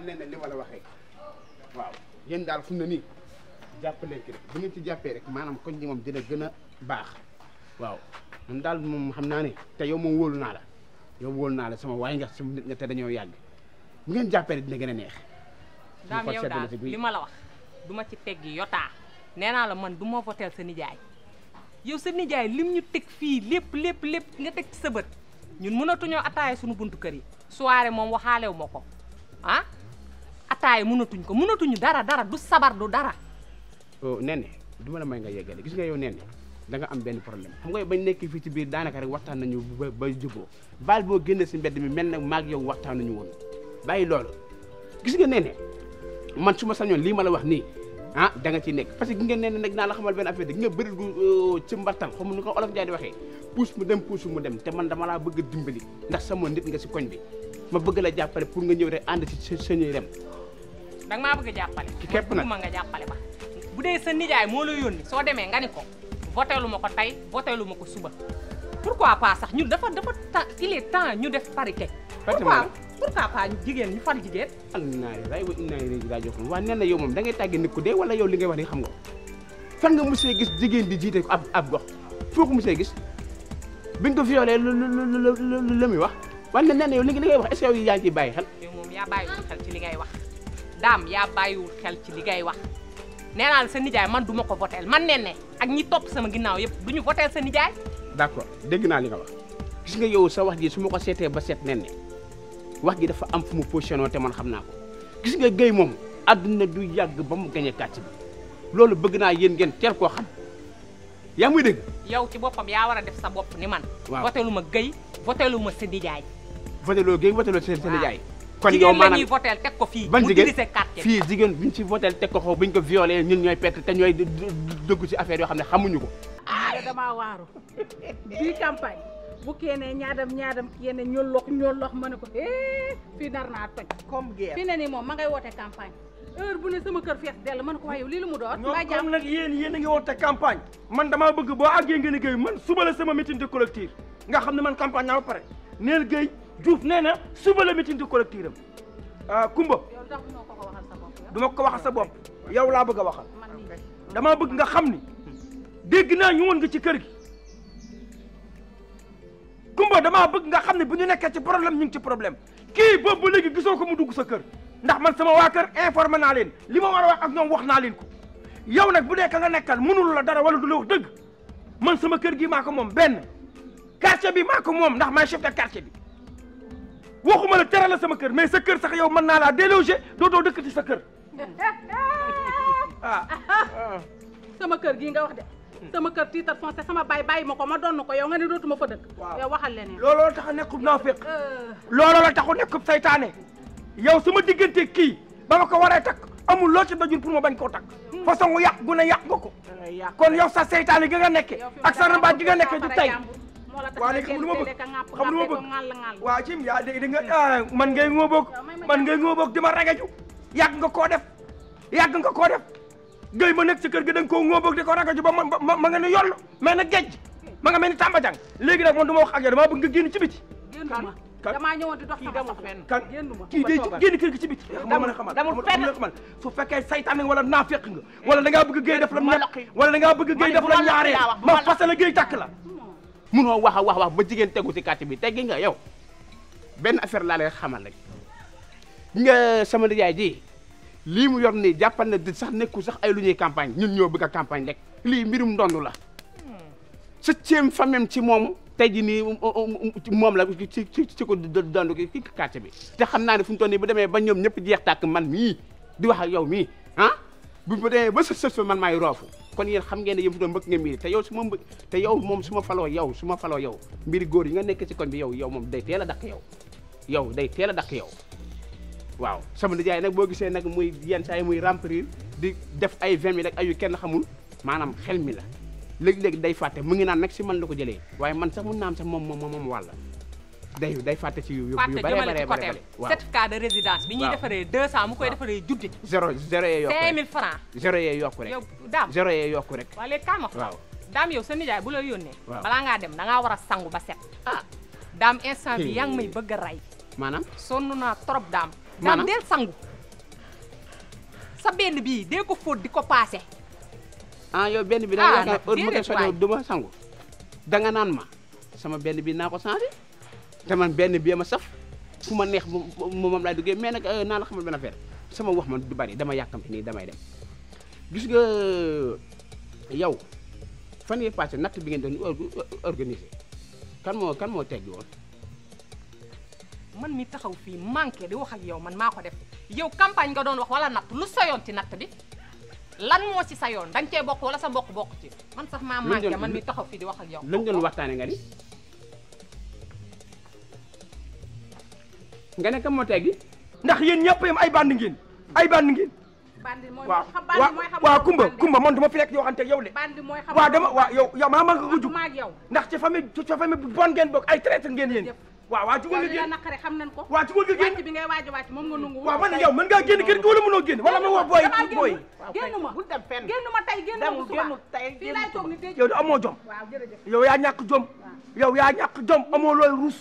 daal nee na li ma la waxee waaw yéen daal fu mu ne nii jàpp leen rek bu ngeen ci jàppee rek maanaam koñ bi moom dina gën a baax waaw man daal moom xam naa ne te yow moom wolu naa la yow wóolu naa la sama waaye nga sama nit nga te dañoo yàgg bu ngeen jàppee rek dina gën a neex. daam yow daal li ma la wax du ma ci teggi yotaa nee naa la man du ma votel sa nijaay yow sa nijaay lim ñu teg fii lépp lépp lépp nga teg ci sa bët ñun mënatuñoo attaaye suñu buntu kër yi ma ko ah? taay mënatuñ ko mënatuñu dara dara du sabar du dara. du duma la may nga yeggale gis nga yow nene da nga am benn problème xam nga bañ nekk fii ci biir daana rek waxtaan nañu ba ba juboo baal boo génne si mbedd mi mel na maag yow waxtaan nañu woon bàyyi loolu gis nga nene man su ma sañoon lii ma la wax nii ah da nga ciy nekk parce que gi nga nene nag naa la xamal benn affaire de gi nga bëri gu euh, ci nu ko olof Njaay di waxee puus mu dem puus mu dem te man dama laa bëgg dimbali ndax sama nit nga si koñ bi ma bëgg la jàppale pour nga ñëw rek ànd si sañuy dem danga maa bëgg a jàppale. ci képp nag ma nga jàppale ba. bu dee sa nijaay moo yoon yónni soo demee nga ni ko voteelu ma ko tey voteelu ko suba pourquoi pas sax ñu dafa dafa ta il est temps ñu def parité. pourquoi pourquoi pas ñu jigéen ñu far jigéen. alhamdulilah waaye wa inna ilayhi raaji'uun waaye nee na yow moom da ngay tàgge nit ku dee wala yow li ngay wax ni xam nga fan nga musee gis jigéen di jiite ab ab gox foo ko musee gis biñ ko violé lu lu lu lu lu muy wax waaye nee na yow li ngay wax est ce que yow yaa ngi ciy bàyyi xel. yow moom yaa bàyyi ci li ngay wax. daam yaa bàyyiwul xel ci li ngay wax nee naa la sa nijaay man duma ko voteel man nee ak ñi topp sama ginnaaw yëpp duñu voteel sa nijaay. d'accord dégg naa li nga wax gis nga yow sa wax ji su ma ko seetee ba seet nen ne wax gi dafa am fu mu positionné te man xam naa ko gis nga géy moom àdduna du yàgg ba mu gañe kàcc bi loolu bëgg naa yéen ngeen teel koo xam yaa muy dégg. yow ci boppam yaa war a def sa bopp ni man. waaw voteelu ma géy voteelu ma sa nijaay. voteeloo géy voteeloo sa nijaay. kon yow maanaam jigéen la ñuy voté teg ko fii. ban jigéen fii jigéen buñ ci voté teg ko xaw buñ ko violé ñun ñooy perte te ñooy dëgg ci affaire yoo xam ne xamuñu ko. ah damaa waaru bii campagne bu keenee ñaadam ñaadam kii ne ñool lox ñool lox ma ne ko fii nar naa toj. comme guerre fii ne nii moom ma ngay woote campagne. heure bu ne sama kër fees dell man ko waaye yow lii la mu door mbaa jàmm nag yéen yéen a ngi woote campagne man damaa bëgg boo àggee ngeen a man suba la sama meeting de collectif nga xam ne man campagne naa ba pare Diouf nee na suba la meeting du collectif am ah, Kumba. du ma ko waxal sa bopp yow laa bëgg a waxal. damaa bëgg nga xam ni dégg naa ñu woon nga ci kër gi. Kumba damaa bëgg nga xam ne bu ñu nekkee ci problème ñu ngi ci problème kii boobu ba léegi gisoo ko mu dugg sa kër ndax man sama waa kër naa leen li ma war a wax ak ñoom wax naa leen ko yow nag bu dee ka nga nekkal mënul dara wala du la wax dëgg man sama kër gi maa moom benn quartier bi maa moom ndax maay chef bi. waxuma la teral la sama kër mais sa kër sax yow man naa laa déloger dootoo dëkkati sa kër. ah sama kër gii nga wax de. sama kër titre foncier sama baay bàyyi ma ko ma doon na ko yow nga ne dootuma fa dëkk. waaw yow waxal leneen. looloo tax nekkub naafiq. Euh. looloo la taxu nekkub seytaane yow sama diggante kii ba ma ko waree takk amul loo ci dajul pour ma bañ koo takk. Hmm. façon yàq gu ne yàq nga ko. kon yow sa saytaane gi nga nekkee. ak sa rambaaj gi nga nekkee du tey. waa léegi xam nga lu ma bëgg xam nga lu ma bëgg waa cim yaa dégg nga ah, man ngay ngoo boog man ngay ngoo boog di ma ragaju yàgg nga koo def yàgg nga koo def géy ma nekk ci kër gi da nga koo ngoo boog di ko ragaju ba ma ma nga ne yoll mais na géej ma nga mel ni tàmba jàng léegi nag man du ma wax ak yow damaa bëgg nga génn ci biti damaa ñëwoon di dox sama fenn kan kii day génn kër gi ci biti ma mën a xamal dama mën a xamal su fekkee saytaan nga wala naafeq nga wala da ngaa bëgg géey def la wala da ngaa bëgg géey def la ñaaree ma fase la géey tàkk la munoo wax a wax wax ba jigéen tegu ci kàtt bi teggi nga yow benn affaire laa lay xamal rek nga sama nijaay ji lii mu yor nii jàppal na sax nekkul sax ay lu ñuy campagne ñun ñoo bëgg a campagne rek lii mbirum ndond la septième famille ci moom tey jii nii um, um, um, moom la ci ci ci ko dond ki kàtt bi te xam naa ne fu mu toll bu demee ba ñoom ñëpp jeex tàkk man mii di wax ak yow mii ah bu demee ba sëf sëf man maay roofu kon yéen xam ngeen ne yéen fi doon mbëkk nga mbiri te yow su ma mbë te yow moom su ma faloo yow su ma faloo yow mbiri góor yi nga nekk ci kon bi yow yow moom day teel a dakk yow yow day teel a dakk yow waaw sama nijaay nag boo gisee nag muy yenn saa yi muy remplir di def ay vingt mille ak ayu kenn xamul maanaam xel mi la léegi-léegi day fàtte mu ngi naan nag si man la ko jëlee waaye man sax mun naa am sax moom moom moom wàlla day day fàtte ci yu yu bare bare certificat de résidence bi ñuy defaree 200 mu koy defaree junni. zéro zéro yee yokku rek 5000 francs zéro yee yokku rek yow daam zéro yee yokku rek waaw léegi kaama waaw daam yow sa nijaay bu la yónnee balaa ngaa dem da ngaa war a sangu ba set ah daam instant bi hmm. yaa ngi may bëgg a rey maanaam sonn naa trop daam daam deel sangu sa benn bii dee ko fóot di ko paase ah yow benn bi da ah, yaakaar heure ma ko soño du ma sangu da nga naan ma sama benn bi naa ko changé te man benn bee ma saf fu ma neex moom laay duggee mais nag euh, naa la xamal benn affaire sama wax man du bari dama yàkkamti nii damay dem gis nga euh, yow fan yii passé natt bi ngeen doon organisé kan moo kan moo teggi woon. man mi taxaw fii manqué di wax ak yow man maa ko def yow campagne nga doon wax wala natt lu sayoon ci natt bi lan moo ci sayoon yoon dañ cee bokk wala sa mbokk bokk ci man sax maa manqué man mi taxaw fii di wax ak yow. lan doon waxtaane nga ni. nga ne kam moo teggi ndax yéen ñëpp yam ay band ngeen ay band ngeen waaw kumba kumba man du ma fi nekk di waxante ak dama waaw yow yow maa man nga ko jug ndax ci famille ci famille bu bon ngeen bokk ay traître ngeen yéen waaw waa jugal nga génn waaw jugal nga génn waaw man yow mën ngaa génn kër gi wala wala ma wax booy booy yow de amoo jom yow yaa ñàkk jom yow yaa ñàkk jom amoo looy rus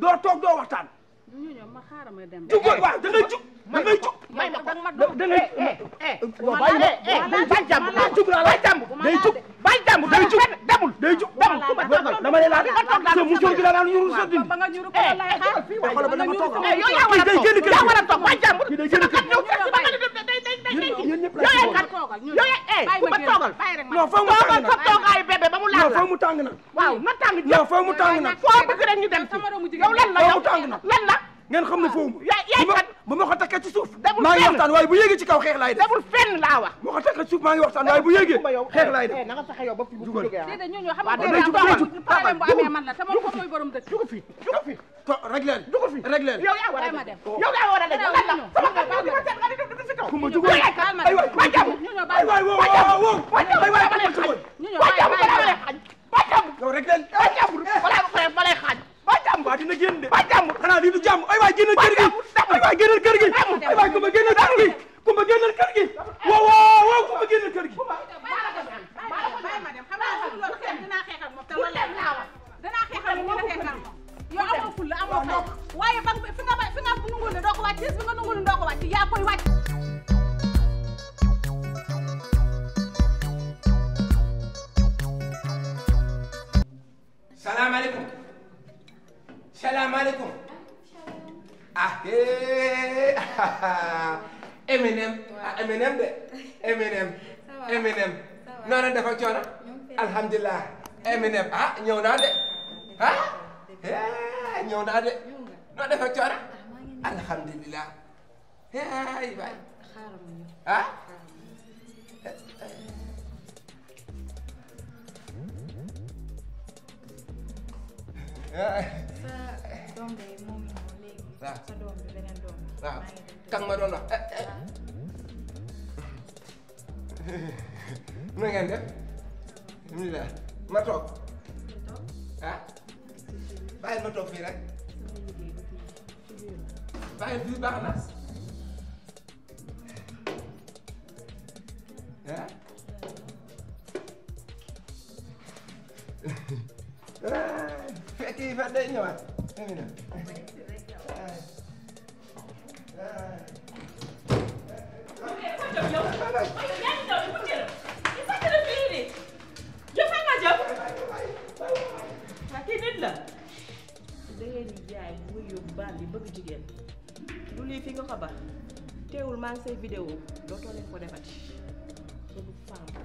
doo toog doo waxtaan. ñooñu ma xaaral ma dem. jug waaw da ngay jug da ngay jug. may ma ko da ngay. bàyyi ma bàyyi jàmm day jug bàyyi jàmm day jug bàyyi jàmm day jug demul day jug demul dama lay laal sa musóor gi la naan yuru sa dindi. xoolal ba dama toog ah. kii day génn kër gi yaa war a toog bàyyi jàmm. kii day génn kër gi yéen ñëpp la ñu toogal yéen ñëpp la ñu toogal. yooyu eh ku ma toogal. non foog nga toogal sa toogaay yow foo mu tàng na waaw ma tàng yow foo mu tàng na foo bëgg rek ñu dem yow lan la yow tàng na lan la ngeen xam ne foofu bu ma ko takkee ci suuf maa ngi waxtaan waaye bu yéegee ci kaw xeex laay def deful fenn laa wax bu ma ko takkee ci suuf maa ngi waxtaan waaye bu yéegee xeex laay def eh, na nga sax yow ba fi bu jógee ah. déedéet ñooñu xam nga problème bu amee man la sama ko mooy borom dëkk jugu fi jugu fi to régler jugu fi régler yow yaa war a dem yow yaa war a dem lan la sama Kumba jugul ay waay ay waay wow wow ay waay Kumba jugul wàccam wàccam yow rek leen wàccam balaa balaa balaa xaaj wàccam waa dina génn de wàccam xanaa lii du jàmm ay waay génn kër gi ay waay génn kër gi ay waay Kumba génn kër gi Eminem de Eminem. Eminem noo leen defal coono. ah ñëw de ah ñëw naa de ah? eh, noo defal coono ah, alhamdulilah ay waay ah. waaw kan ma doon nu ngeen def alhamdulilah ma toog ah bàyyi ma toog fii rek bàyyi fii baax na ah? ah fekk yi fa day maa ngi say vidéo dootoo leen ko defati.